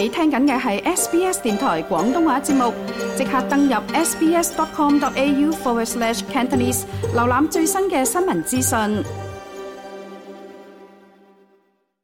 你聽緊嘅係 SBS 電台廣東話節目，即刻登入 sbs.com.au/cantonese，瀏覽最新嘅新聞資訊。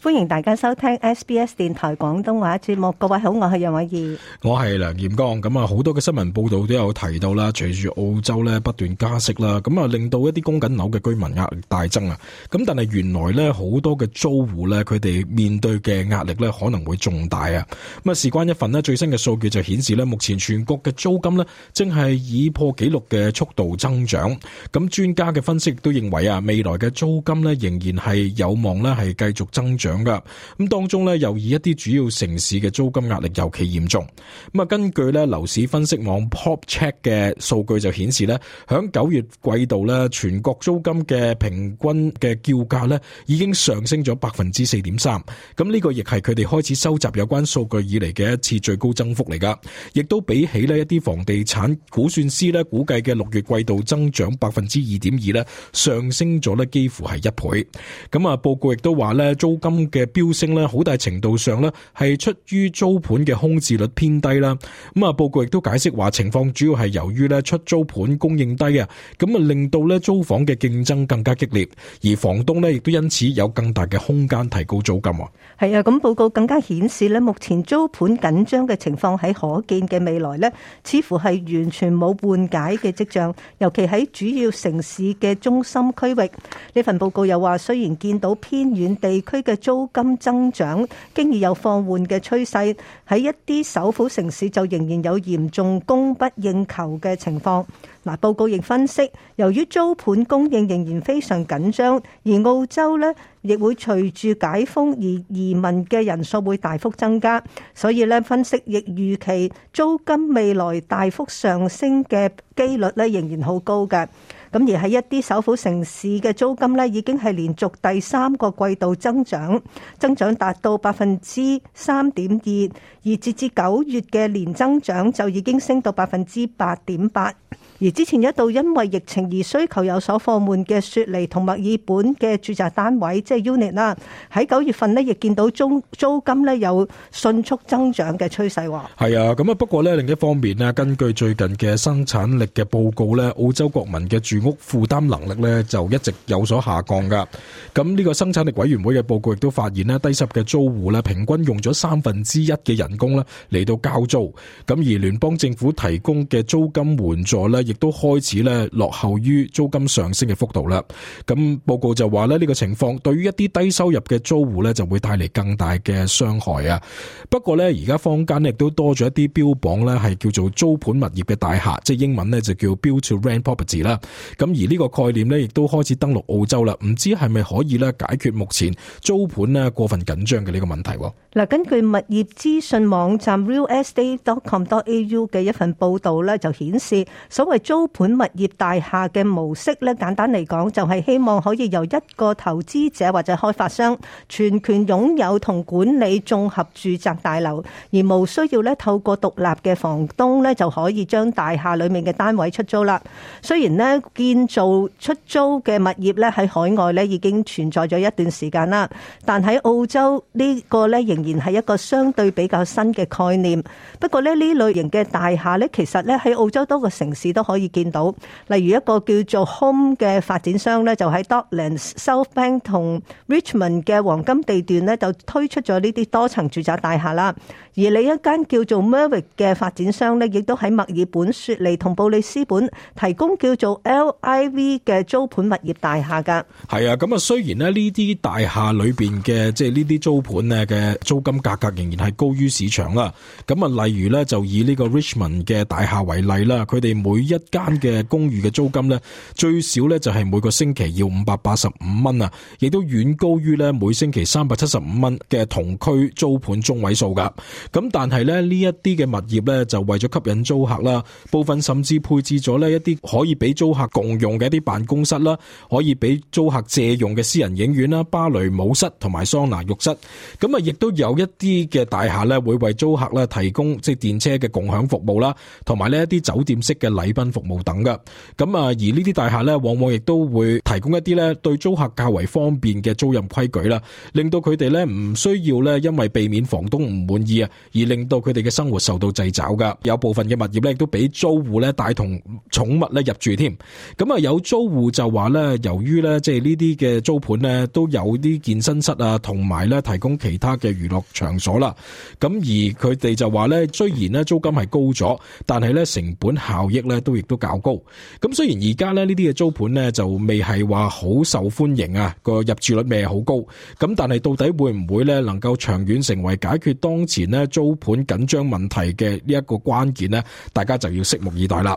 歡迎大家收聽 SBS 電台廣東話節目，各位好，我係楊偉儀，我係梁彥剛。咁啊，好多嘅新聞報道都有提到啦，隨住澳洲咧不斷加息啦，咁啊令到一啲供緊樓嘅居民壓力大增啊。咁但係原來咧，好多嘅租戶咧，佢哋面對嘅壓力咧，可能會仲大啊。咁啊，事關一份咧最新嘅數據就顯示咧，目前全國嘅租金咧正係以破紀錄嘅速度增長。咁專家嘅分析都認為啊，未來嘅租金咧仍然係有望咧係繼續增長。咁嘅，咁當中咧又以一啲主要城市嘅租金壓力尤其嚴重。咁啊，根據咧樓市分析網 PopCheck 嘅數據就顯示咧，響九月季度咧全國租金嘅平均嘅叫價咧已經上升咗百分之四點三。咁呢個亦係佢哋開始收集有關數據以嚟嘅一次最高增幅嚟噶。亦都比起咧一啲房地產估算師咧估計嘅六月季度增長百分之二點二咧，上升咗咧幾乎係一倍。咁啊，報告亦都話咧租金，嘅飆升咧，好大程度上咧係出於租盤嘅空置率偏低啦。咁啊，報告亦都解釋話，情況主要係由於咧出租盤供應低啊，咁啊令到咧租房嘅競爭更加激烈，而房東咧亦都因此有更大嘅空間提高租金。係啊，咁報告更加顯示咧，目前租盤緊張嘅情況喺可見嘅未來咧，似乎係完全冇緩解嘅跡象，尤其喺主要城市嘅中心區域。呢份報告又話，雖然見到偏遠地區嘅租金增長經已有放緩嘅趨勢，喺一啲首府城市就仍然有嚴重供不應求嘅情況。嗱，報告亦分析，由於租盤供應仍然非常緊張，而澳洲呢亦會隨住解封而移民嘅人數會大幅增加，所以呢分析亦預期租金未來大幅上升嘅機率呢仍然好高嘅。咁而喺一啲首府城市嘅租金呢，已經係連續第三個季度增長，增長達到百分之三點二，而截至九月嘅年增長就已經升到百分之八點八。而之前一度因為疫情而需求有所放緩嘅雪梨同墨爾本嘅住宅單位即係、就是、unit 啦，喺九月份呢亦見到租租金呢有迅速增長嘅趨勢。喎。係啊，咁啊不過呢，另一方面呢，根據最近嘅生產力嘅報告呢，澳洲國民嘅住屋負擔能力咧就一直有所下降噶，咁呢個生產力委員會嘅報告亦都發現咧，低收入嘅租戶咧平均用咗三分之一嘅人工咧嚟到交租，咁而聯邦政府提供嘅租金援助咧亦都開始咧落後於租金上升嘅幅度啦。咁報告就話咧呢個情況對於一啲低收入嘅租戶咧就會帶嚟更大嘅傷害啊。不過咧而家坊間亦都多咗一啲標榜咧係叫做租盤物業嘅大廈，即係英文咧就叫 build-to-rent property 啦。咁而呢個概念呢亦都開始登陸澳洲啦。唔知係咪可以咧解決目前租盤呢過分緊張嘅呢個問題？嗱，根據物業資訊網站 Real Estate dot com dot A U 嘅一份報道呢就顯示，所謂租盤物業大廈嘅模式呢，簡單嚟講就係希望可以由一個投資者或者開發商全權擁有同管理綜合住宅大樓，而無需要呢透過獨立嘅房東呢就可以將大廈裏面嘅單位出租啦。雖然呢建造出租嘅物業咧，喺海外咧已經存在咗一段時間啦。但喺澳洲呢個咧，仍然係一個相對比較新嘅概念。不過咧，呢類型嘅大廈咧，其實咧喺澳洲多個城市都可以見到。例如一個叫做 Home 嘅發展商咧，就喺 Docklands、Southbank 同 Richmond 嘅黃金地段咧，就推出咗呢啲多層住宅大廈啦。而另一間叫做 Mirvac 嘅發展商咧，亦都喺墨爾本雪梨同布里斯本提供叫做 L I.V. 嘅租盤物業大廈噶，係啊，咁啊，雖然咧呢啲大廈裏邊嘅即係呢啲租盤咧嘅租金價格仍然係高於市場啦。咁啊，例如咧就以呢個 Richmond 嘅大廈為例啦，佢哋每一間嘅公寓嘅租金咧最少咧就係每個星期要五百八十五蚊啊，亦都遠高於咧每星期三百七十五蚊嘅同區租盤中位數噶。咁但係咧呢一啲嘅物業咧就為咗吸引租客啦，部分甚至配置咗咧一啲可以俾租客。共用嘅一啲辦公室啦，可以俾租客借用嘅私人影院啦、芭蕾舞室同埋桑拿浴室，咁啊，亦都有一啲嘅大廈咧，會為租客咧提供即係電車嘅共享服務啦，同埋呢一啲酒店式嘅禮賓服務等㗎。咁啊，而呢啲大廈咧，往往亦都會提供一啲咧對租客較為方便嘅租賃規矩啦，令到佢哋咧唔需要咧因為避免房東唔滿意啊，而令到佢哋嘅生活受到掣肘噶。有部分嘅物業咧，亦都俾租戶咧帶同寵物咧入住添。咁啊，有租戶就話咧，由於咧，即係呢啲嘅租盤咧，都有啲健身室啊，同埋咧，提供其他嘅娛樂場所啦。咁而佢哋就話咧，雖然咧租金係高咗，但係咧成本效益咧都亦都較高。咁雖然而家咧呢啲嘅租盤咧就未係話好受歡迎啊，個入住率未係好高。咁但係到底會唔會咧能夠長遠成為解決當前咧租盤緊張問題嘅呢一個關鍵咧？大家就要拭目以待啦。